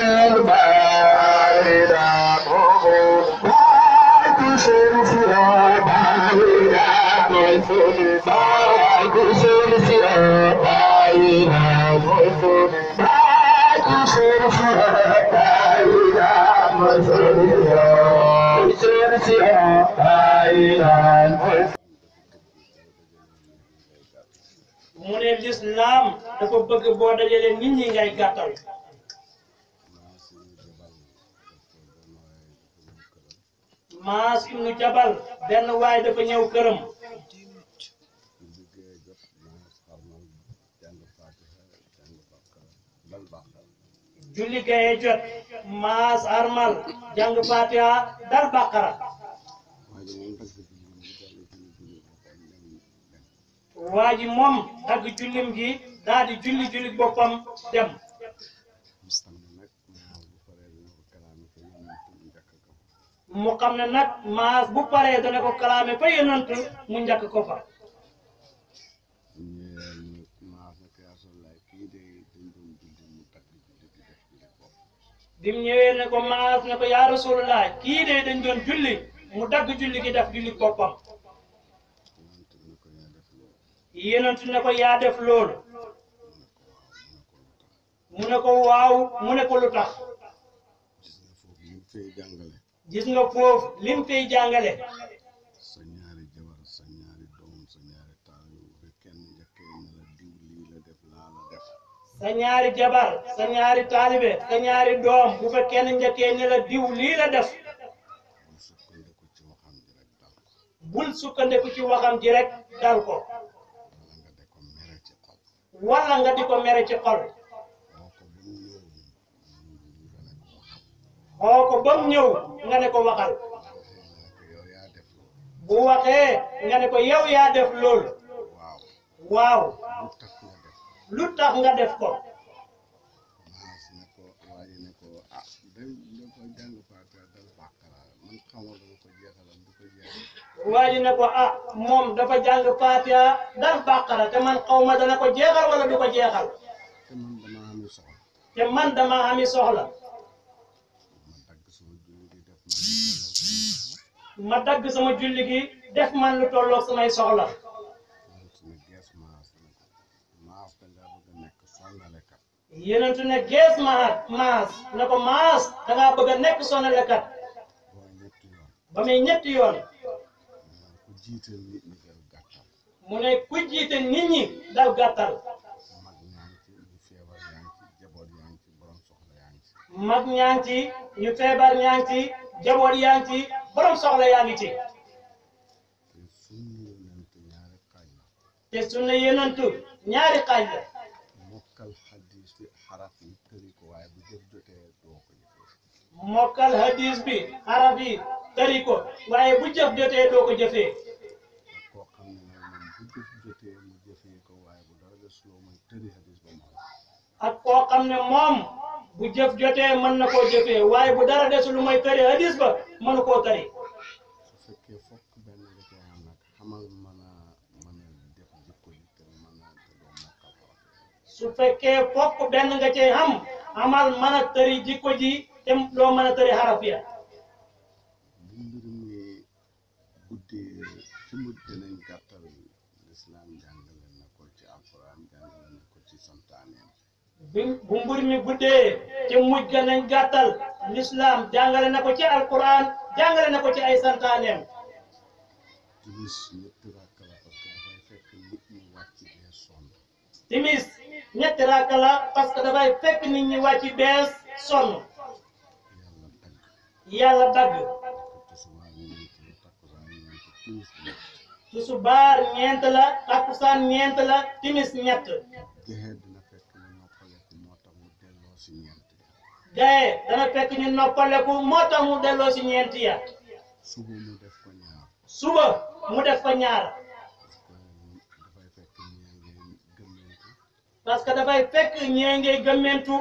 mu ne lislaam dafa bëgg boo dajalee nit ñi ngay gàttal maas ibnu jabal ben way dafa ñew kërëm julli gay jot mas armal jang fatiha dar baqara waji mom moom dagg jullim gi dadi julli julli bopam dem mu xam ne nag maas bu paree dana ko kalaame fa yonant mu njëkk ko fa bi mu ñëwee ne ko maas ne ko yaa rasulullah kii de dañ doon julli mu dagg julli gi def julli boppam yonent ne ko yaa def loolu mu ne ko waaw mu ne ko lu tax gis nga foofu lim fay jàngale sa ñaari jabar sa ñaari doom sa ñaari taalibe bu sa ñaari doom bu fa kenn njëkkee ne la diw lii la def bul sukkandiku ci waxam ji rek dal ko wala nga di ko mere ci xol boo ko bam ñew nga ne ko waxal bu waxe nga ne ko yow ya def lool waaw lu tax nga def ko waji ne ko ah mom dafa jang fatia ya. dal bakara te man xawma dana ko jexal wala du ko jeexal te man dama ami soxla ma dagg sama julli gi def man lu tolloog samay soxla yenentu ne gees maat maas ne ko da ngaa bëgg a nekk sonalekat ba muy ñetti yoon mu ne ku nit ñi dal mag ñu jaboot yaa ngi ci borom soxla yaa ngi ci te sunna yonantu ñaari xaaj la mokkal hadis bi xaraf yi tëri ko waaye bu jëf jotee doo ko koo xam ne moom bu jëf bu ak koo ne moom bu jëf jotee mën na koo jëfee waaye bu dara desul lu may tëri hadis ba mënu koo tëri su fekkee fokk benn nga cee xam amal mën a tëri jikko ji te doo mën a tëri xaraf ya bu mbir mi guddee ci mujj ga nañ gàttal l'islam jangale Quran, ci alquran jangale nako ci ay timis ñetti rakala pas parce que bay fekk nit ñi wàcc bees sonn yàlla su bar ñent la takusan ñent la timis ñett dee dana fekk ñu noppaleku moo tax mu delloo si ñeenti ya suba mu def ko ñaar suba mu def ko ñaar parce que dafay fekk ñee ngay gëmmentu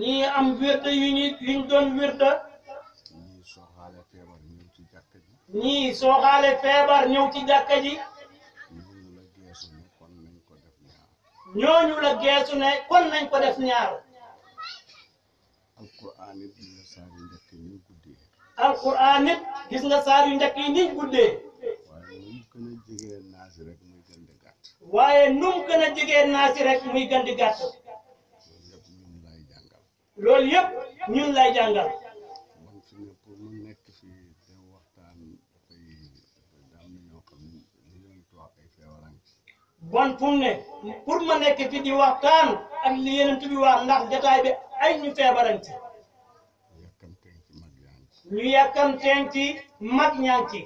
ñii am wirta yu ñu yuñ doon wirta ñii sooxaale feebar ñëw ci jàkka ji ñii sooxaale feebar ñëw ci jàkka ñooñu la geesu ne kon nañ ko def ñaar alquran it gis nga saar yu njëkk yi ni guddee alquran it gis nga saar yu njëkk guddee waaye nu mu a jegee naasi rek muy gën di gàtt waaye nu mu a jegee naasi rek muy gën di gàtt loolu ñun lay jàngal bon fu pour ma nek fi di waxtan ak li yeneen bi wax ndax jotaay bi ay ñu febaranti ñu yakam ci mag ñaan ci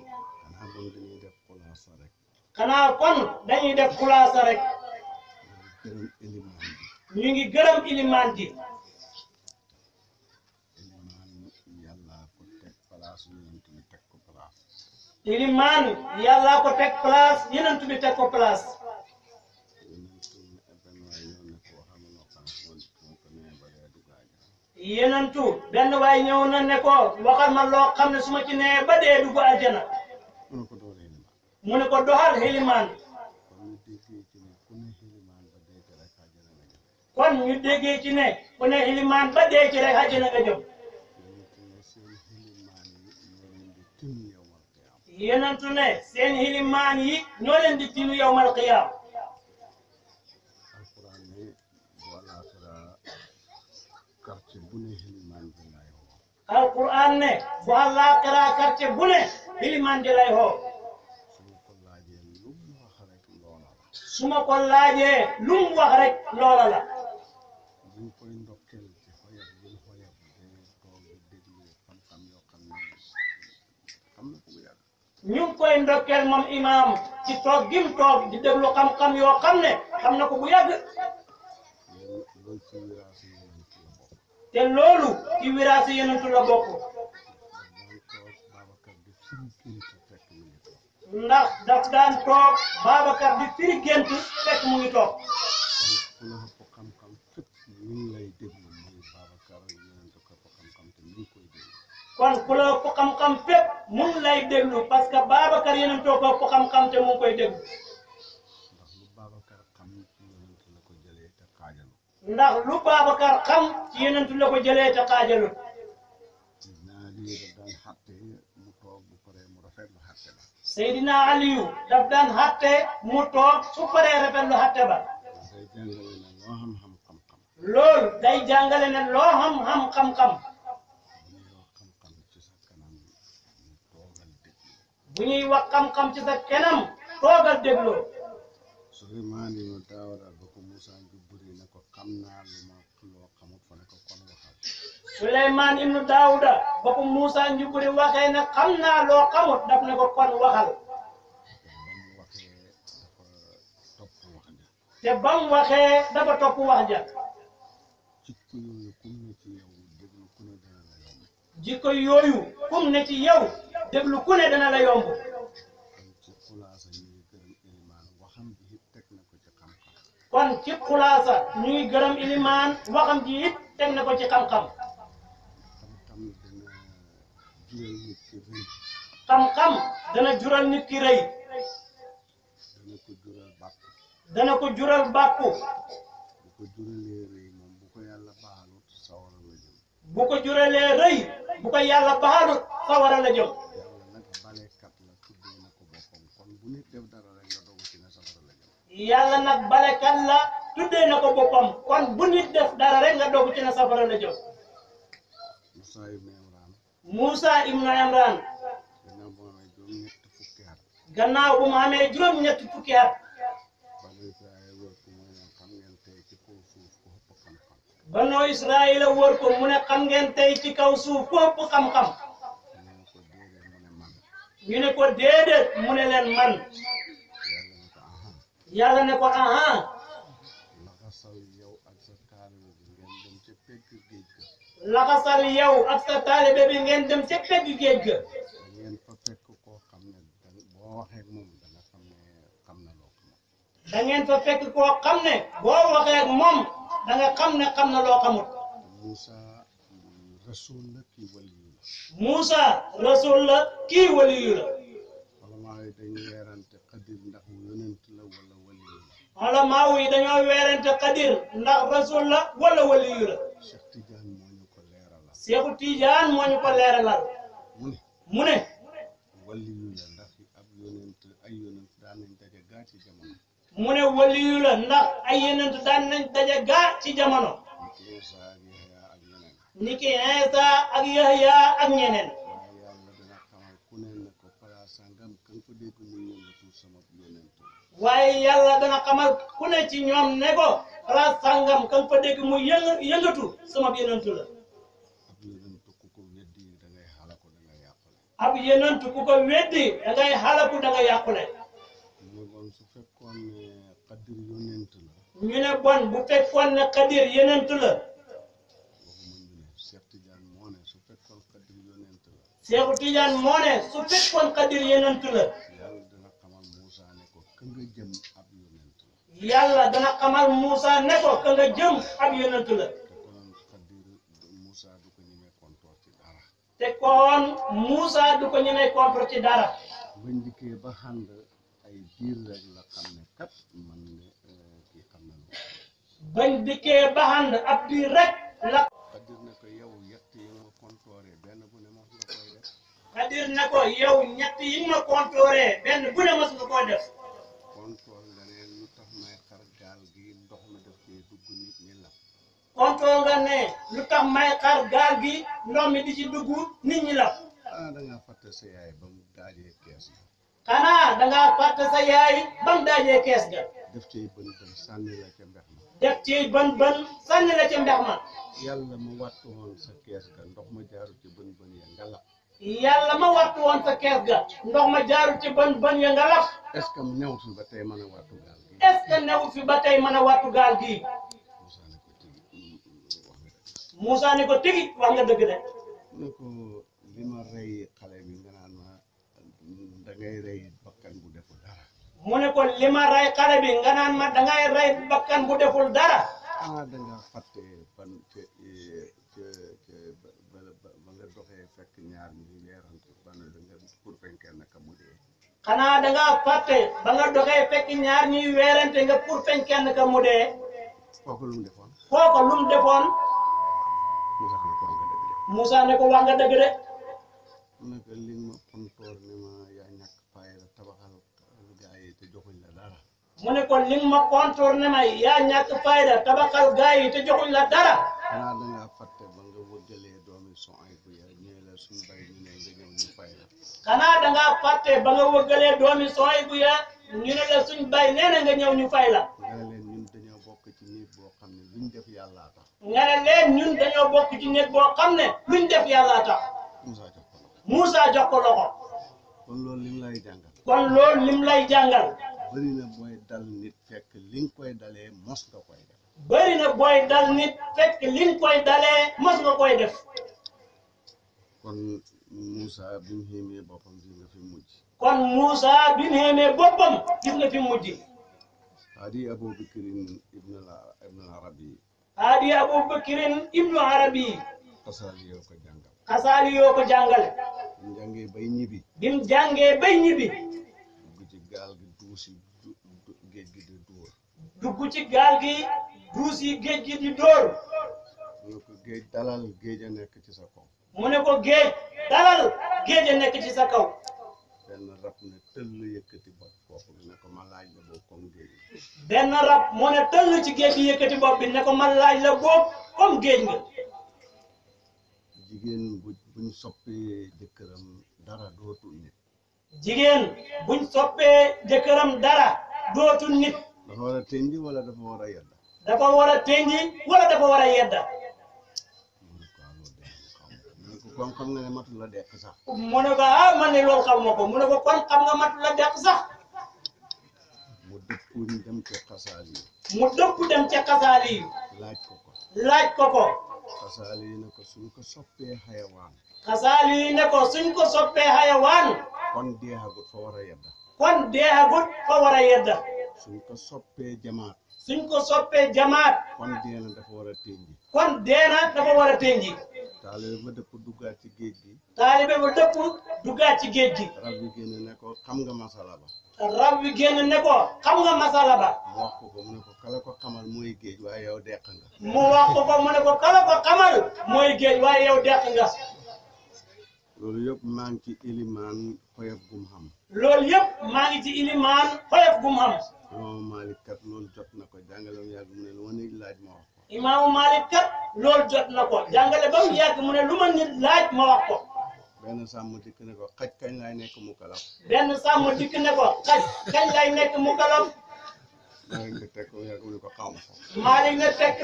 xanaa kon dañuy def xulaasa rek ñu ngi gërëm iliman ji ilimaan yàllaa ko teg place yeneen tubi teg ko place yenentu benn waay ñëw na ne ko waxal ma loo xam ne suma ma ci nee ba dee dugg aljana mu ne ko doxal xelimaan kon ñu déggee ci ne ku ne xelimaan ba dee ci rek aljana nga jëm yenentu ne seen xelimaan yi ñoo leen di tinu yowmal qiyaam bu ne hiliman ji lay hoo ne bu allah qara karte bu ne hiliman ji lay hoo su ma ko laajee lu mu wax rek loola la koy ndokkeel ci xoyab bi mu xoyab day toog xam na ko bu yàgg ñu koy ndokkeel moom imaam ci toog toog di déglu xam-xam yoo xam ne xam na ko bu yàgg te loolu ci wiraase yenentu la bokk ndax daan toog Babacar di firi gént mu ngi toog kon ku la ko xam-xam fépp mun lay déglu parce que Babacar yenentoo ko xam-xam te mu koy déglu ndax lu Babacar xam ci yenentu la ko jëlee te xaajalut Seydina Aliyu daf daan xatte mu toog su paree rafetlu xatte ba loolu jàngale ne loo xam-xam xam xam naa lu ma loo xamut fa ne xam naa loo xamut daf ne ko kon waxal te bam waxee topp wax ja jikko yooyu kum ne ci yow déglu ku ne jikko yooyu kum ne ci yow déglu ku dana la yomb na ko ci kon ci khulasa ñuy gëreem gërëm waxam ji it tek na ko ci xam-xam xam-xam dana jural nit ki reey dana ko jural bàkku bu ko juralee rëy bu ko reey bu ko yalla baalut sawara la jëm yàlla nag balekat la tuddé nako bopam kon bu nit def dara rek nga dogg ci na safara la jox Musa Ibn Imran Musa ibn Imran gannaaw bu mu amé juroom ñett fukki at banoo Israayil a wër ko mu ne xam ngeen tay ci kaw suuf ko ëpp xam-xam ñu ne ko déedéet mu ne len man yàlla ne ko ahan ah. laxasal yow ak sa taalibe bi ngeen dem ca pegg géej ga laxasal yow ak sa taalibe bi ngeen dem ca pegg géej ga ngeen fa fekk koo xam ne boo waxee moom danga xam ne xam na loo xamul da ngeen fa fekk koo xam ne boo waxee ak moom danga xam xam na loo xamul Moussa mm, rasul la kii waliyu la Moussa xolomaaw yi dañoo weerante xadir ndax rasul la wala waliyu la Seexu Tijaan moo ñu ko leeralal mu ne waliyu la ndax ab yonent ay yonent daan nañ daje gaa ci jamono mu ne waliyu ndax ay yonent daan daje gaa ci jamono niki Iisaa ak Yahya ak ñenen waaye yàlla dana xamal ku ne ci ñoom ne ko place sàngam ka fa dégg mu yëng yëngatu sama yenentu la ab yenentu ku ko weddi da ngay xalaku da nga yàqule ñu ne bon fekkoon ne xadir la Seexu Tijaan moo ne su fekkoon xadir yenentu la yàlla dana xamal Moussa ne ko ka nga jëm ab yonent la te kon Moussa du ko ñemee contre ci dara. ba njëkkee ba xànd ay diir rek la xam ne kat man eh, kii xam na lu bañ dikkee ba xànd ab diir rek la. xadir ne ko yow ñett yi nga ma benn bu ne mas nga koy def. comprendre nga ne lu tax may xar gaal gi ndox mi di ci dugg nit ñi la. xanaa da fàtte sa yaay ba mu daajee kees ga. xanaa da fàtte sa yaay ba mu daajee kees ga. def ci bën bën sànni la ca mbex ma. ci mbex ma. yàlla ma wattu woon sa kees ga ndox ma jaaru ci bën bën ya nga lab. yàlla ma wattu woon sa kees ga ndox ma jaaru ci bën bën ya nga lab. est ce fi ba tey mën a wattu gaal gi. est ce fi ba tey mën a wattu gaal gi. Moussa ne ko tegi wax nga dëgg de. mu ne ko li ma rey xale bi nga naan ma da ngay rey bakkan bu deful dara. mu ne ko li ma rey xale bi nga naan ma da ngay rey bakkan bu deful dara. ah da nga fàtte ban te te te ba ba nga doxee fekk ñaar ñi leerante ban da nga pour fenkenn ka mu dee. xanaa da nga fàtte ba nga doxee fekk ñaar ñuy weerante nga pour feñ kenn mu dee. kooku lu mu defoon. kooku lu Moussa ne ko wax nga dëgg de. Moussa ne ko wax nga dëgg de. mu ma tontoor ne ma yaa ñàkk fayda tabaxal gaa yi te la dara. mu ne ko li ma kontoor ne ma yaa ñàkk fayda tabaxal gaa yi te la dara. xanaa da ngaa fàtte ba doomi Soaybu ya ñëwee la suñu bay ñu ne nga ñëw ya ñu la suñu bay nee nga ñëw ñu fay nga ne ñun dañoo bokk ci nekk boo xam ne luñ def yàlla tax. Moussa jox ko loxo. kon loolu lim lay jàngal. kon loolu lim lay jàngal. bëri na booy dal nit fekk li koy dalee mos nga koy def. bëri na booy dal nit fekk li nga koy dalee mos nga koy def. kon Moussa bi mu xéemee boppam gis nga fi mujj. kon Moussa bi mu boppam gis nga fi mujj. hadi Abubakar ibn al Arabi. haadi aboubakirin ibnu arabi xasaali yoo ko jàngal xasaali yoo ko jàngal bay ñibbi bim jàngee bay ñibbi dugg gaal gi duusi géej gi di dóor dugg ci gaal gi duusi géej gi di dóor mu ne dalal géej a nekk ci sa mu ne ko géej dalal géej a nekk ci sa kaw benn rab ne tëll yëkkati bopp kooku bi ko ma laaj la boobu comme géej nga. benn rab moo ne tëll ci géej gi yëkkati bopp bi ne ko ma laaj la boobu comme géej nga. jigéen bu buñ soppee jëkkëram dara dootul nit. jigéen dafa war a tënji wala dafa war a yedda. dafa war a tënji wala dafa war yedda. kon xam nga ne matul la sax. mu ne ko ah man ne loolu xamuma ko mu ne kon xam nga matul la dekk sax. mu dëpp dem ca xasaali mu dëpp dem ca xasaali laaj ko ko. laaj ko ko. xasaali yi ne ko suñ ko soppee xayawaan. xasaali yi ne ko suñ ko soppee xayawaan. kon deexagut fa fa war a suñ ko soppee jamaat. suñ ko soppee jamaat. kon deena dafa war a tënji. kon deena dafa war a tënji. taalibe ba dëpp duggaat ci géej gi. taalibe ba dëpp duggaat ci géej gi. rab wi génn ne ko xam nga masala ba. rab wi génn ne ko xam nga masala ba. mu wax ko ko mu ne ko kala ko xamal géej waaye yow deq nga. mu wax mooy géej waaye yow deq nga. loolu yëpp maa ngi ci ilimaan xoyof gum xam loolu yëpp maa ngi ci ilimaan xoyof gum xam imaamu Malick kat loolu jot na ko jàngale mu yàgg mu ne lu nit laaj ma wax ko imaamu Malick kat loolu jot na ko jàngale ba mu yàgg mu ne lu nit laaj ma ko benn sàmm dikk ko xaj kañ lay nekk mu kalaf benn sàmm dikk ko xaj kañ lay nekk mu kalaf Malick ne ko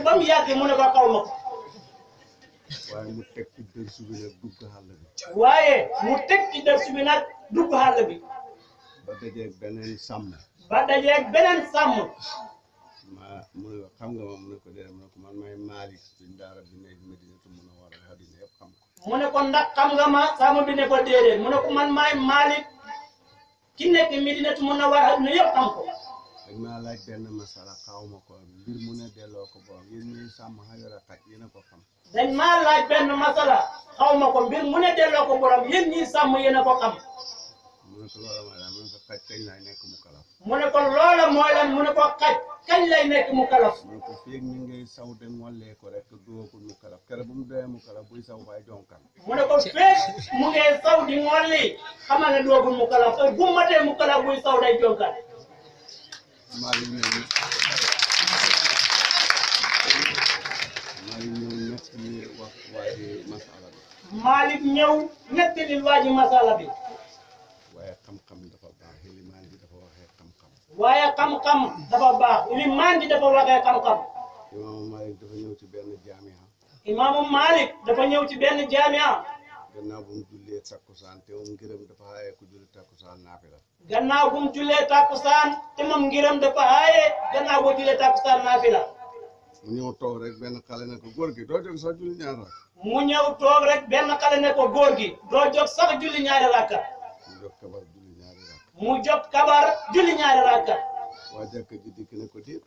ba mu yàgg mu ne ko xaw waaye mu teg ci dërsu bi nag dugg xàll bi. waaye mu teg ci dërsu bi nag dugg xàll bi. ba dajeeg beneen sàmm. ba dajeeg beneen sàmm. ma mu ne ko xam nga ma mu ne ko dee mu ne ko man maay Malick suñ daara bi nekk Madinatu Munawwara yëpp xam ko. mu ne ko ndax xam nga ma sàmm bi ne ko mu ne ko man maay Malick ki nekk ko. dañ maa laaj ko mu ne ko a a ko xam mu ne ko loola mooy mu ne ko xaj kañ lay nekk mu kalaf mu ne ko loola mooy mu ne ko xaj kañ lay nekk mu kalaf mu ne ko fii mi saw de ngollee ko ne ko mu ngay saw di ngolli mu kalaf bu saw day jonkan maa ngi ñëw maa ngi ñëw nettali masala bi. waaye xam-xam dafa baax limaan bi dafa waxee xam-xam. waaye xam dafa baax limaan bi dafa waxee xam-xam. dafa ñëw ci benn jaamia. imaamu Malick dafa ñëw ci benn jaamia. gannaaw dafa aaye ku julli takkusaan naafila. gannaaw bu mu jullee takkusaan te moom ngiram dafa aaye gannaaw boo jullee takkusaan naafila mu ñëw toog rek benn xale ko góor gi doo jóg sax julli ñaari rakk mu ñëw rek benn xale ne gi doo jóg sax julli ñaari rakka mu jóg kabar julli ñaari rakka mu jóg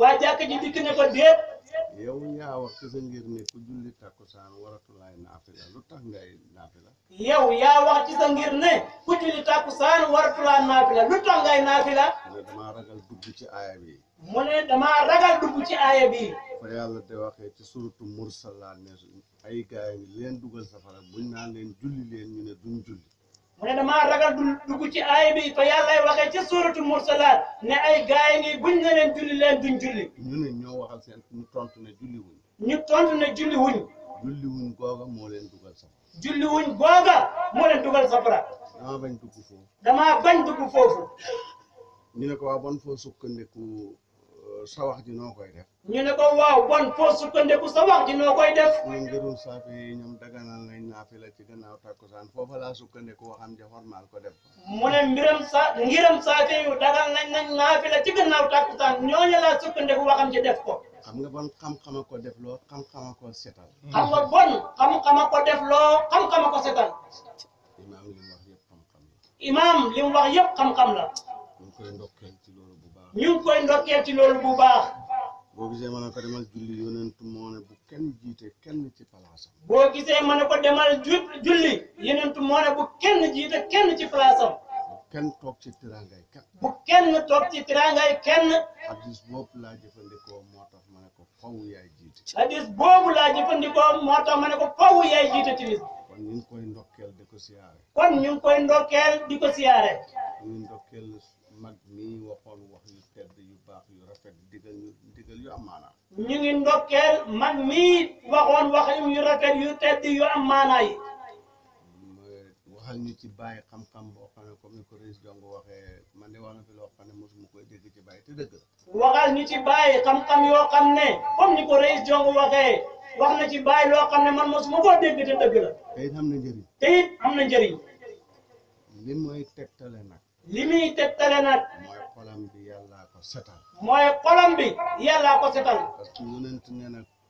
waa jàkk ji dikk ne ko déet waa jàkk ji yow yaa wax ci sa ngir ne ku saan takkusaan waratulaay naafila lu tax ngay naafila. yow yaa wax ci sa ngir ne ku julli takkusaan waratulaay naafila lu tax ngay naafila. mu ne damaa ragal dugg ci aaya bi. mu ne damaa ragal dugg ci aaya bi. fa yàlla de waxee ci suratu mursalaat ne ay gaay leen dugal safara buñ naan leen julli leen ñu ne duñ julli. mune dama damaa ragal du dugg ci aay bi fa ay waxe ci suratul mursalat ne ay gaay ni buñ ne len julli len duñ julli. ñu ne ñoo waxal seen ñu tontu ne julli wuñ. ñu tontu ne julli wuñ. julli wuñ goga moo len dugal safara. julli wuñ mo moo duggal dugal safara. dama bañ dugg fofu dama bañ dugg foofu. ñu ne ko wa bon fo sukkandiku. sa wax ji noo koy def. ñu ne ko waaw ban foo sukkandiku sa wax ji noo koy def. ñoom mbirum saafi yi ñoom daganal nañ naafila ci gannaaw takkusaan foofa laa sukkandiku waxam ja formal ko def. mu ne mbiram sa ngiram saafi yu dagal nañ nañ naafila ci gannaaw takkusaan ñooñu laa sukkandiku waxam ji def ko. xam nga bon xam-xama ko def loo xam-xama ko setal. xam nga bon xam-xama ko def loo xam-xama ko setal. imaam li mu wax yëpp xam-xam la. imaam li mu wax yëpp xam-xam la. ñu koy ndokkeel. ñu ngi koy ndokkeel ci loolu bu baax. boo gisee mën na ko demal julli yonent moo ne bu kenn jiite kenn ci palaasam. boo gisee mën na ko demal julli yonent moo ne bu kenn jiite kenn ci palaasam. bu kenn toog ci tiraangay kenn. bu kenn toog ci tiraangay kenn. hadis boobu laa jëfandikoo moo tax ma ne ko faw yaay jiite. hadis boobu laa jëfandikoo moo ko faw yaay jiite timis. kon ñu koy ndokkeel di ko siyaare. kon ñu ngi koy ndokkeel di ko siyaare. ñu ndokkeel mag mi waxoon wax yi. joxe yu am maanaa ñu ngi ndokkeel man mii waxoon wax yu rafet yu tedd yu am maanaa yi waxal ñu ci bàyyi xam-xam boo xam ne comme ni ko Régis Jong waxee man de wax na fi loo xam ne mosuma koy dégg ci bàyyi te dëgg la waxal ci bàyyi xam-xam yoo xam ne comme ni ko Régis Jong waxee wax na ci bàyyi loo xam ne man mosuma ko dégg te dëgg te it am na njëriñ te it am na njëriñ li mooy tegtale nag li muy tegtale nag. mooy xolam bi ko setal. mooy xolam bi ko setal. parce que yonent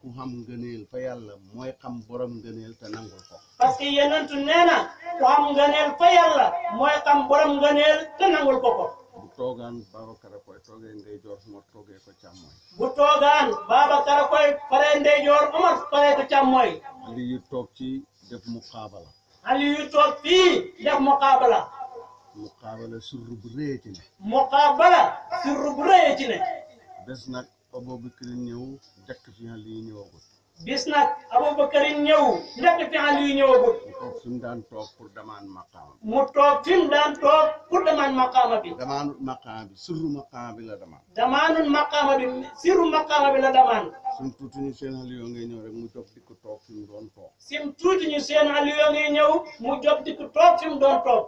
ku xam ngëneel fa yàlla mooy xam borom ngëneel te nangul ko. parce que yonent ku xam ngëneel fa yàlla mooy xam borom ngëneel te nangul ko ko. bu toogaan Babacar a koy toogee ndeyjoor Omar toogee ko càmmooy. bu toogaan Babacar a koy faree ndeyjoor Omar faree ko càmmooy. Ali yu toog ci def muqaabala. Ali yu toog fii def muqaabala. muqaabala surru bu rëy ci ne. muqaabala surru bu rëy ci ne. des nag Abubakar ñëw dëkk fi nga xam ne lii ñëwagul. bis nag Aboubacar ñëw ndekk fi Aliou ñëwagul. mu toog fi daan toog pour demande maqaama. mu toog fi daan toog pour demande maqaama bi. demandul maqaama bi sirru maqaama bi la bi la demande. sim tuuti ñu seen Aliou ngay ñëw rek mu jóg di ko toog fi mu doon toog. sim tuuti ñu seen Aliou ngay ñëw mu jóg di ko toog fi mu doon toog.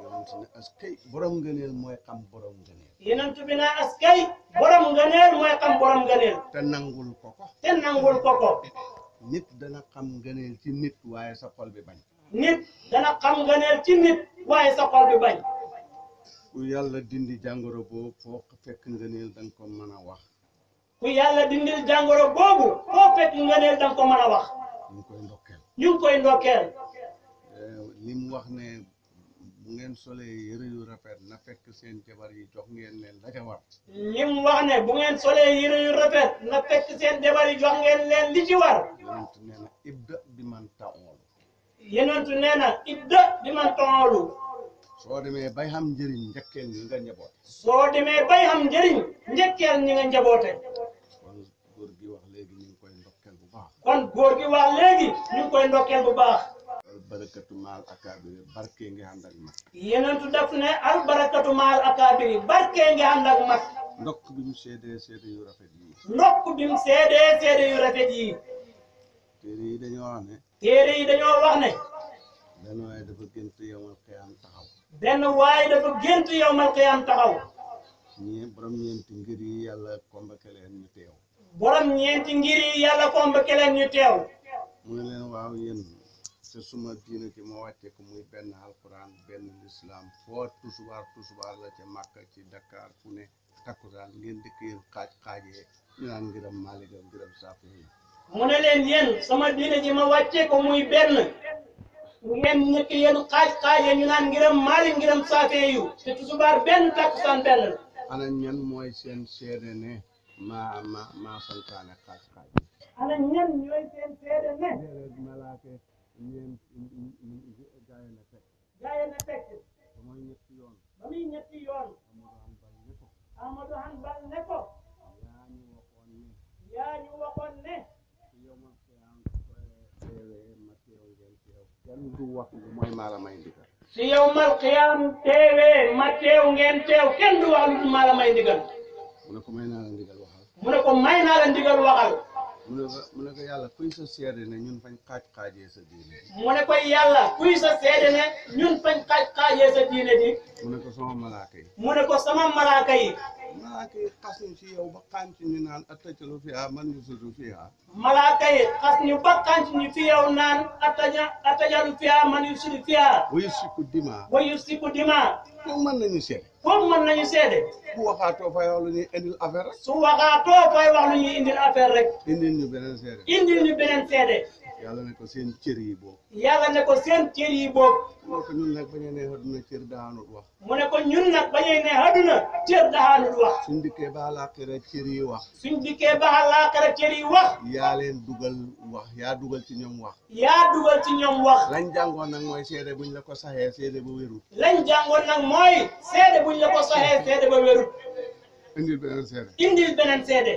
askay borom ngëneel mooy xam borom ngëneel. yeneen tu bi naa askay borom ngëneel mooy te nangul ko ko. ko. nit dana xam ngëneel ci nit waaye sa xol bi bañ nit dana xam ngëneel ci nit waaye sa xol bi bañ ku yàlla dindi jàngoro boobu foo fekk ngëneel danga ko mën a wax ku yàlla dindil jàngoro boobu foo fekk ngëneel danga ko mën a wax ñu ngi koy ndokkeel ñu koy ndokkeel eh, li wax ne bu ngeen solee yëre yu rafet na fekk seen jabar yi jox ngeen leen la ca war. ñim wax ne bu ngeen solee yëre yu rafet na fekk seen jabar yi jox leen li ci war. yonentu nee na ibda bi man taoolu. yonentu nee na ibda bi man taoolu. soo demee bay xam njëriñ njëkkeel ñi nga njaboote. soo demee bay xam njëriñ njëkkeel ñi nga njaboote. kon góor gi wax léegi ñu ngi kon góor koy ndokkeel bu baax. barke ngi ànd ak mag yenentu daf ne albarakatu maal akaabiri barke ngi ànd ak mag ndokk bi mu seede yu rafet yi ndokk bi mu seedee seede yu rafet yi yi dañoo wax ne téere yi dañoo wax ne benn waaye dafa gént yowmal xiyaam taxaw benn waaye dafa gént yowmal xiyaam taxaw ñi borom ñeenti ngir yi yàlla convoqué leen ñeenti ngir yi yàlla convoqué ñu teew mu ne leen waaw sa suma diina ci moo wàccee ko muy benn alquran benn lislaam foo tusubaar tusubaar la ca Màkka ci Dakar fu ne takkusaan ngeen dëkk yéen xaaj xaajee ñu naan ngiram maaligam ngiram saafu mu ne leen yéen sama diina ji ma wàccee ko muy benn ngeen nekk yéen xaaj xaajee ñu naan ngiram maali ngiram saafe yu te tusubaar benn takkusaan benn la ana ñan mooy seen seede ne maa ma maa santaane xaaj xaaj ana ñan ñooy seen seede ne yéen jaaye na teg jaaye na teg ba muy ñetti yoon ba muy ñetti yoon Amadou Hanbal ne ko yaa ñu waxoon ne yaa ñu waxoon ne yoma teewee ma teew ngeen teew kenn du wax lu mooy maa la may ndigal si yowmal xiyaam teewee ma teew ngeen teew kenn du wax lu maa la may ndigal mu ne ko may naa la ndigal waxal mu ne ko may naa la ndigal waxal ne a mu ne ko yàlla kuy sa seede ne ñun fañ xaaj xaajee sa diine. mu a ko yàlla kuy sa seede ne ñun fañ xaaj xaajee sa diine ji. mu ne ko sama malaaka yi. mu ko sama malaaka malaaka yi xas ñu ci yow ba xànc ñu naan attajalu fiha man yusidu fiha malaaka yi xas ñu ba xànc ñu fi yow naan attaja attajalu fiha man yusidu fiha wa yusiku dima wa yusiku dima foofu mën nañu seede foofu mën nañu seede bu rek su waxaatoo fay wax lu indil affaire rek indil ñu beneen seede indil ñu beneen seede yàlla ne ko seen cër yi boobu. yàlla ne ko seen cër yi boobu. mu ne ko ñun nag bañee ne àdduna cër daanut wax. mu ne ko ñun nag bañee ne àdduna cër daanut wax. suñ dikkee ba àllaaxira cër yi wax. suñ dikkee ba àllaaxira cër yi wax. yaa leen dugal wax yaa dugal ci ñoom wax. yaa dugal ci ñoom wax. lañ jàngoon nag mooy seede buñ la ko saxee seede ba wérut. lañ jàngoon nag mooy seede buñ la ko saxee seede ba wérut. indil beneen seede.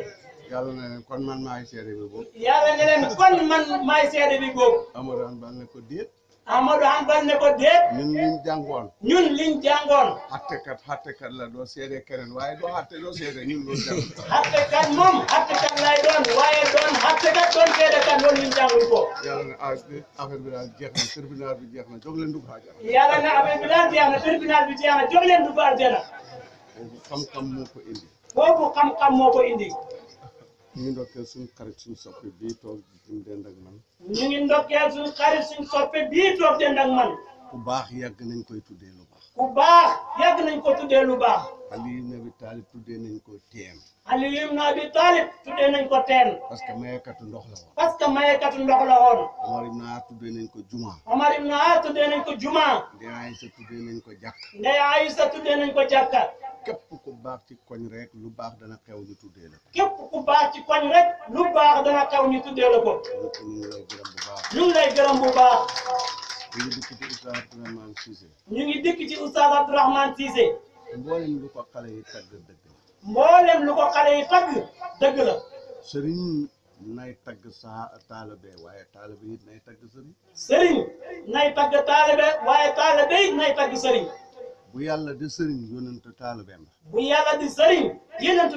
yàlla na kon man maay seede bi boobu. yàlla na leen kon man maay seede bi boobu. Amadou Hane bal ne ko déet. Amadou Hane bal ne ko déet. ñun liñ jàngoon. ñun liñ jàngoon. xattekat xattekat la doo seede keneen waaye doo xatte doo seede ñun loolu jàngoon. xattekat moom xattekat lay doon waaye doon xattekat doon seedekat loolu liñ jàngul ko. yàlla na affaire bi daal jeex na tribunal bi jeex na jóg bi daal jeex na tribunal bi jeex na jóg leen dugg moo ko indi. ñu ngi ndokkeel suñu xarit suñu soppe bii toog di dem ak man. ñu ngi ndokkeel suñu xarit suñu soppe man. ku baax yàgg nañ koy tuddee lu baax. ku baax yàgg nañ ko tuddee lu baax. Aliyu na bi Taalib tuddee nañ ko teen. Aliyu na bi Taalib tuddee nañ ko teen. parce que mayekatu ndox la woon. parce que mayekatu ndox la tuddee nañ ko juma. Omar ibn tuddee nañ ko juma. Ndeye Ayisa tuddee nañ ko tuddee nañ ko jàkka. képp ku baax ci koñ rek lu baax dana xew ñu tuddee la ko. képp ku baax ci koñ rek lu baax dana xew ñu tuddee la ko. ñu ngi ñu ngi dëkk ci Oustaz Abdourahmane Cissé. ñu ngi dëkk ci Oustaz Abdourahmane Cissé. mboolem lu ko xale yi tagg dëgg la. sëriñ nay tagg saa waaye taalibe it nay tagg sëriñ. sëriñ nay tagg taalibe waaye taalibe it nay tagg sëriñ. bu yàlla di sëriñ yónantu taalibeem la. bu yàlla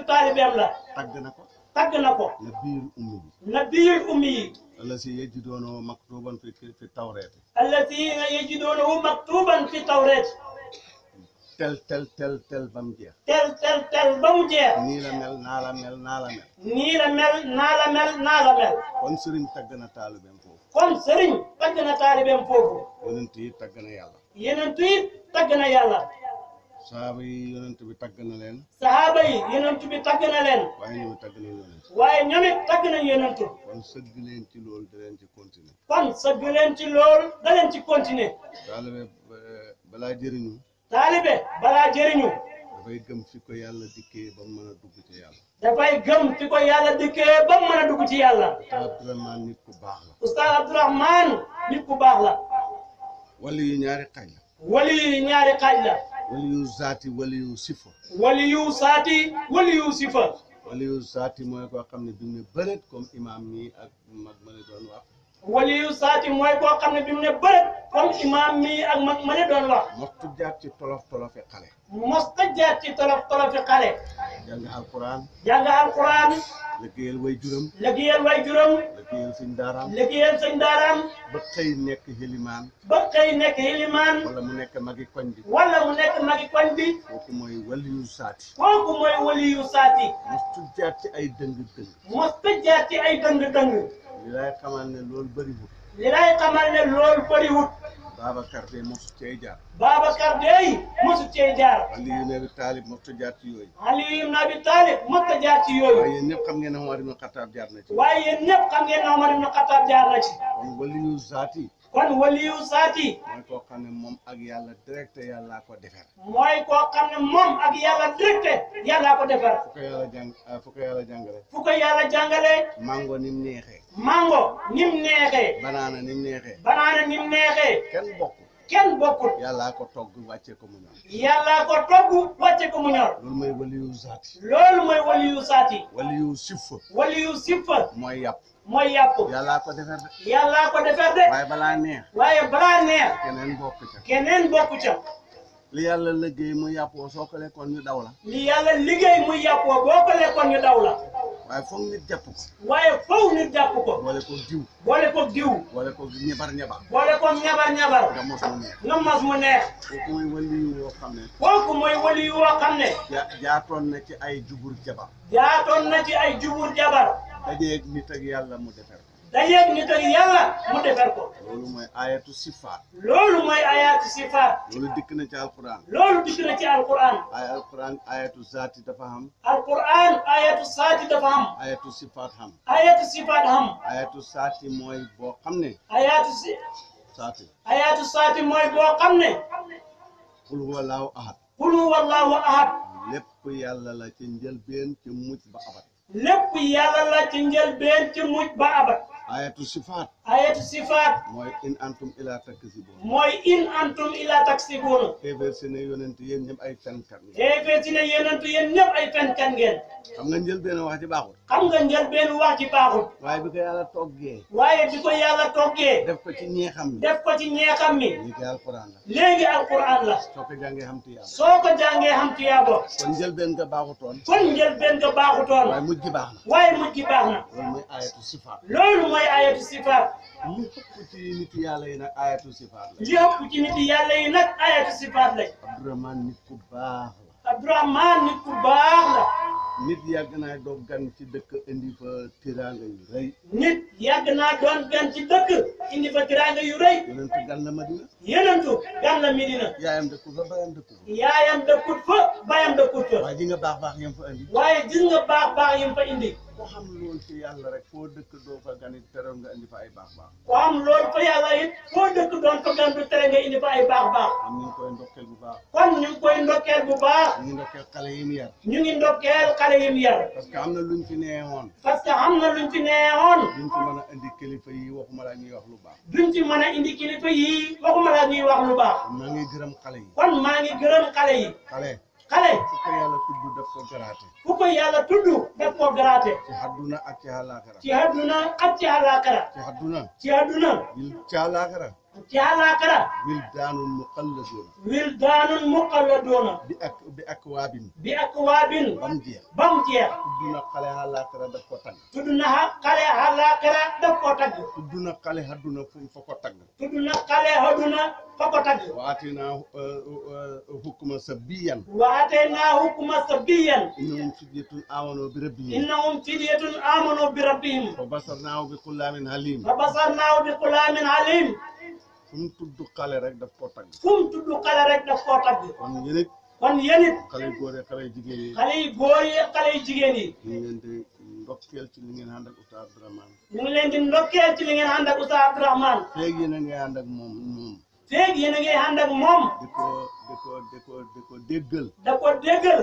la. tagg na ko. tagg na ko nabiyul ummi yi nabiyul ummi yi allati yajidoonahu maktuban fi fi tawreete allati yajidoonahu maktuban fi tawreete tel tel tel tel ba mu jeex tel tel tel ba mu jeex nii la mel naa la mel naa la mel nii la mel naa la mel naa la mel kon sëriñ tagg na taalibeem foofu kon sëriñ tagg na taalibeem foofu yonent yi tagg na yàlla yonent yi tagg na yàlla saaba yi yonent bi tagg na leen. saaba yi yonent bi tagg na leen. waaye ñoom it tagg nañ yonent. waaye ñoom it kon sëgg leen ci lool da leen ci continuer. kon sëgg leen ci lool da leen ci continuer. taalibe eh, balaa jëriñu. taalibe balaa jëriñu. dafay gëm fi ko yàlla dikkee ba mu mën a dugg ci yàlla. dafay gëm fi ko yàlla dikkee ba mu mën dugg ci yàlla. Oustaz Abdourahmane nit ku baax la. Oustaz Abdourahmane nit bu baax la. wali yi ñaari xaaj la. wali yi ñaari xaaj la. waliyu zaati waliyu sifa. waliyu zaati waliyu sifa. waliyu zaati mooy koo xam ne bi mu ne bëreet comme imam mi ak mag ma la doon wax. waliyu saati mooy koo xam na bi mu ne bërëb comme imaam mii ak ma ne doon wax. mosta jaar ci tolof tolofi xale. mosta jaar ci tolof tolofi xale. jàng alquran. jàng alquran. liggéeyal way juróom. liggéeyal way juróom. liggéeyal sëñ daaraam. liggéeyal sëñ daaraam. ba xëy nekk hilimaan. ba xëy nekk hilimaan. wala mu nekk magi koñ bi. wala mu nekk magi koñ bi. kooku mooy waliyu saati. kooku mooy waliyu saati. mosta ci ay dëng dëng. mosta ci ay dëng dëng. li lay xamal ne loolu bëriwut. li lay xamal ne loolu bëriwut. Babacar de mosu cee jaar. Babacar de mosu cee jaar. Aliyu ibn Abi Talib mosu jaar ci yooyu. Aliyu ibn Abi Talib mosu jaar ci yooyu. waaye yéen ñëpp xam ngeen ne Omar ibn Xataab jaar na ci. waaye yéen ñëpp xam ngeen ne Omar ibn Xataab jaar na ci. kon waliyu zaati. kon waliyu saati mooy koo xam ne moom ak yàlla directe yàlla ko defar mooy koo xam ne moom ak yàlla directe yàlla ko defar fu ko yàlla jàng ah, fu ko mango nim neexee mango nim neexee banaana nim neexee banaana nim neexee kenn bokk kenn ko togg wàcce ko mu ñor yàllaa ko togg wàcce ko mu ñor loolu mooy waliyu saati loolu mooy waliyu saati waliyu siffa siffa mooy yàpp mooy yàpp. yàllaa ko defar de. yàllaa ko defar de. waaye balaa neex. waaye balaa neex. keneen bokk ca. keneen bokk ca. li yàlla liggéey muy yàppoo soo ko lekkoon ñu daw la. li yàlla liggéey muy yàppoo boo ko lekkoon ñu daw la. waaye foog nit jàpp ko. waaye foog jàpp ko. boole ko diw. boole ko diw. boole ko ñebar ñebar. boole ko ñebar ñebar. nga mos mu neex. nga mos mu neex. kooku mooy waliyu yoo xam ne. kooku mooy waliyu yoo xam ne. ja jaatoon na ci ay jubur jabar. jaatoon na ci ay jubur jabar. ak yàlla mu yàlla mu defar loolu dikk na ci alquran. loolu dikk na ci alquran. ay alquran ayatu zaati dafa am. alquran ayatu zaati dafa mooy boo xam ne. ayatu si. zaati. mooy boo xam ne. qul huwa allahu ahad. lépp yàlla la ci njëlbeen ci mucc ba abat. lépp yàlla la ci njëlbeen ci mujj ba abat ayatu sifaat. ayatu sifaat. mooy in antum ila taksibuun. mooy in antum ila taksibuun. xeefeer si ne yonent yéen ñëpp ay fenkat ngeen. xeefeer si ne yonent yéen ñëpp ay fenkat ngeen. xam nga njëlbéen wax ci baaxul. xam nga njëlbéen wax ci baaxul. waaye bi ko yàlla toggee. waaye bi ko yàlla toggee. def ko ci ñeexam mi. def ko ci ñeexam mi. léegi alquran la. léegi alquran la. soo ko jàngee xam tuyaaba. soo ko jàngee xam tuyaaba. kon njëlbéen nga baaxutoon. kon njëlbéen nga baaxutoon. waaye mujj gi baax na. waaye mujj gi baax na. loolu mooy ayatu sifaat. loolu mooy ayatu sifaat lépp ci nit yàlla yi nag ayatu sifaat la lépp ci nit yàlla yi ayatu la nit ku baax la nit ku baax la nit gan ci indi fa tiranga yu rëy nit yàgg naa gan ci indi fa tiranga yu rëy yenentu gan la madina yenentu gan la medina yaayam dëkkut fa bayam dëkkut fa yaayam dëkkut fa bayam dëkkut fa nga baax baax fa indi waaye gis nga baax baax yam fa indi ku xam loolu ci yàlla rek foo dëkk doo fa gan it teroon nga indi fa ay baax baax ku xam loolu fa yàlla it foo dëkk doon fa gan nga indi fa ay baax baax kon ñu ngi koy ndokkeel bu baax kon ñu ngi koy ndokkeel bu baax ñu ngi ndokkeel xale yi ñu ngi ndokkeel xale yi mu am na luñ fi neexoon parce que am na luñ fi neexoon duñ ci mën a indi kilifa yi waxuma laa ñuy wax lu baax duñ ci mën a indi kilifa yi waxuma laa ñuy wax lu baax maa ngi gërëm xale yi kon maa ngi gërëm xale yi xale xale ku ko yàlla daf ko garaate ku ko yàlla daf ko garaate ci àdduna ak ci àllaaxira ci àdduna ak ci àllaaxira ci àdduna ci àdduna ci ci àllaaxira wildaanun muxalladoona wildaanun muxalladoona bi ak bi ak waabin bi ak waabin ba mu jeex ba mu jeex tudd na xale àllaaxira daf ko tagg tudd na xale àllaaxira daf ko tagg tudd na xale àdduna fa ko tagg tudd na xale àdduna fa ko tagg waatee naa uh, uh, uh, hukkuma sabbiyan waatee naa hukkuma sabbiyan innahum fityatun aamanoo bi rabbihim innahum fityatun aamanoo bi rabbihim fa basarnaahu bi xulaamin halim fa basarnaahu bi xulaamin halim fu mu tudd xale rek daf koo tagg. fu mu tudd xale rek daf koo tagg. kon yéen it. kon yéen it. xale yu góor yi xale yu jigéen yi. xale yu góor yi xale yu jigéen yi. ñu ngi leen di ndokkeel ci li ngeen ànd ak Oustaz Abdourahmane. ñu ngi leen di ndokkeel ci li ngeen ànd ak Oustaz Abdourahmane. feeg yéen a ngi ànd ak moom moom. feeg yéen a ngi ànd ak moom. di ko di ko di ko di ko déggal. da ko déggal.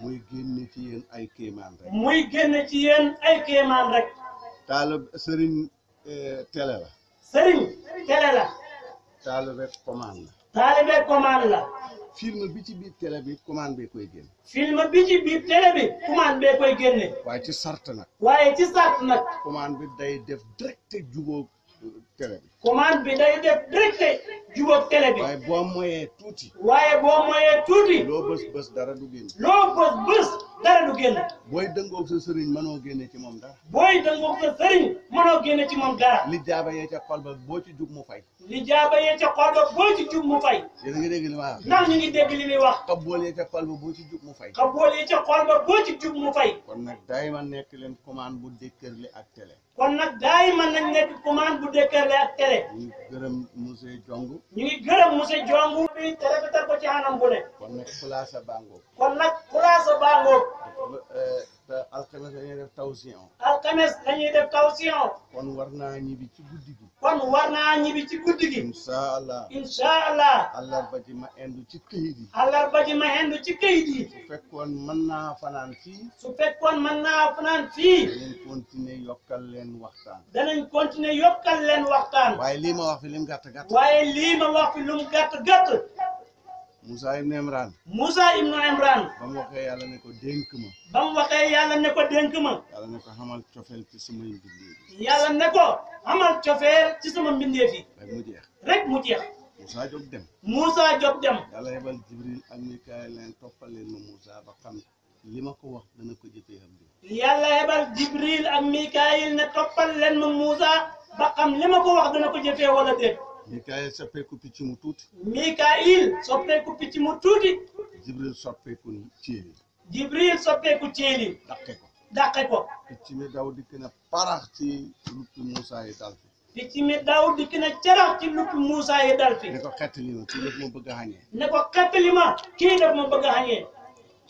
muy génn ci yéen ay kéemaan rek. muy génn ci yéen ay kéemaan rek. taalib sëriñ eh, télé la. sëriñ télé la. taalibe commande la. taalibe commande la. film bi ci biir télé bi commande bee koy génne. film bi ci biir télé bi commande bee koy génne. waaye ci sart nag. waaye ci sart nag. commande bi day def direct jubóog télé bi. commande bi day def direct. jubóog télé bi. waaye boo moyee tuuti. waaye boo moyee tuuti. loo bës bës dara du génn. loo bës bës dara du génn. booy dëngoog sa sëriñ mënoo génne ci moom dara. booy dëngoog sa sëriñ mënoo génne ci moom dara. li jaaba yee ca xol ba boo ci jub mu fay. li jaaba yee ca xol ba boo ci jub mu fay. yéen a ngi dégg li ma wax. ndax ñu ngi dégg li muy wax. xabool yee ca xol ba boo ci jub mu fay. xabool yee ca xol ba boo ci jub mu fay. kon nag daay ma nekk leen commande bu dékkërli ak télé. kon nag daay ma nañ nekk commande bu dékkërli ak télé. ñu gërëm monsieur Diongue ñu ngi gërëm monsieur Diongue bi te rafetal ko ci anam bu ne. kon nag place Bango. kon nag place Bango. te alxames la ñuy def tawsion. alxames la ñuy def tawsion. kon war naa ñibbi ci guddi kon war naa ñibbi ci guddi gi. incha allah incha allah. àllarba ji ma endu ci këyit yi. àllarba ji ma endu ci këyit yi. su fekkoon mën naa fanaan fii. su fekkoon mën naa fanaan fii. danañ continuer yokkal leen waxtaan. danañ continuer yokkal leen waxtaan. waaye lii ma wax fi lim gàtt gàtt. waaye lii ma wax fi lum gàtt Moussa ibn Imran. Moussa ibn Imran. ba waxee yàlla ne ko dénk ma. ba mu waxee yàlla ne ko dénk ma. yàlla ne ko xamal cofeel ci sama mbindeef yi. yàlla ne ko xamal cofeel ci sama mbindeef yi. rek jeex. rek mu jeex. Moussa jóg dem. Moussa jóg dem. yàlla yebal Jibril ak Mikaayil leen toppal leen ma Moussa ba xam li ma ko wax dana ko jëfee am. yàlla yebal Jibril ak Mikaayil ne toppal leen ma Moussa ba xam ko wax dana ko jëfee wala déet. Mikael soppeeku picc mu tuuti. Mikail soppeeku picc mu tuuti. Jibril soppeeku ceeli. Jibril soppeeku ceeli. dàqe ko dàqe ko. picc mi daw dikk na parax ci luppi Moussa yi dal fi. picc mi daw dikk na carax ci luppi Moussa yi dal fi. ne ko xettali kii daf ma bëgg a xañee. ne ko xettali kii daf ma bëgg a xañee.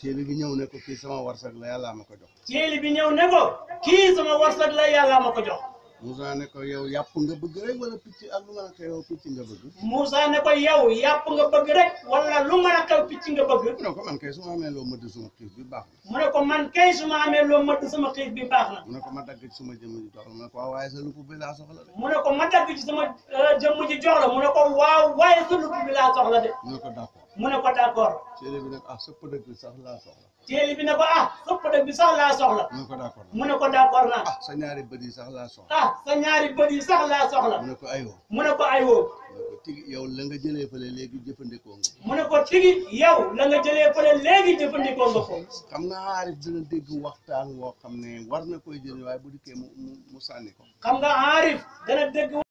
ceeli bi ñëw ne ko kii sama warsag la yàlla ma ko jox. ceeli bi ñëw ne ko kii sama warsag la yàlla ma ko jox. Moussa ne ko yow yàpp nga bëgg rek wala picc ak lu mën a xew picc nga bëgg. Moussa ne ko yow yàpp nga bëgg rek wala lu mën a xew picc nga bëgg. mu ne ko man kay su ma amee loo mëdd sama xiif bi baax na. mu ne ko man kay su ma amee loo mëdd sama xiif bi baax na. mu ne ko ma dagg ci sama jëmm ji jox la mu ne ko waaw waaye sa lupp bi laa soxla de. mu ne ko ma dagg ci sama euh, jëmm ji jox la mu ne ko waaw waaye sa lupp bi laa soxla de. mu ne ko d'accord. mu ne ko d'accord. séeréer bi nag ah sëpp dëgg sax laa soxla. téeli bi ne ko ah soppadam bi sax laa soxla. mu ne ko d'accord mu ne ko d'accord naa. ah sa ñaari bët yi sax laa soxla. ah sa ñaari bët yi sax laa soxla. mu ne ko ayoo. mu ne ko ayoo. mu ko tigi yow la nga jëlee fële léegi jëfandikoo nga. mu ne ko tigi yow la nga jëlee fële léegi jëfandikoo nga ko. xam nga aarif dina dégg waxtaan woo xam ne war na koy jëlee waaye bu dikkee mu mu mu sànni ko. xam nga aarif dana dégg.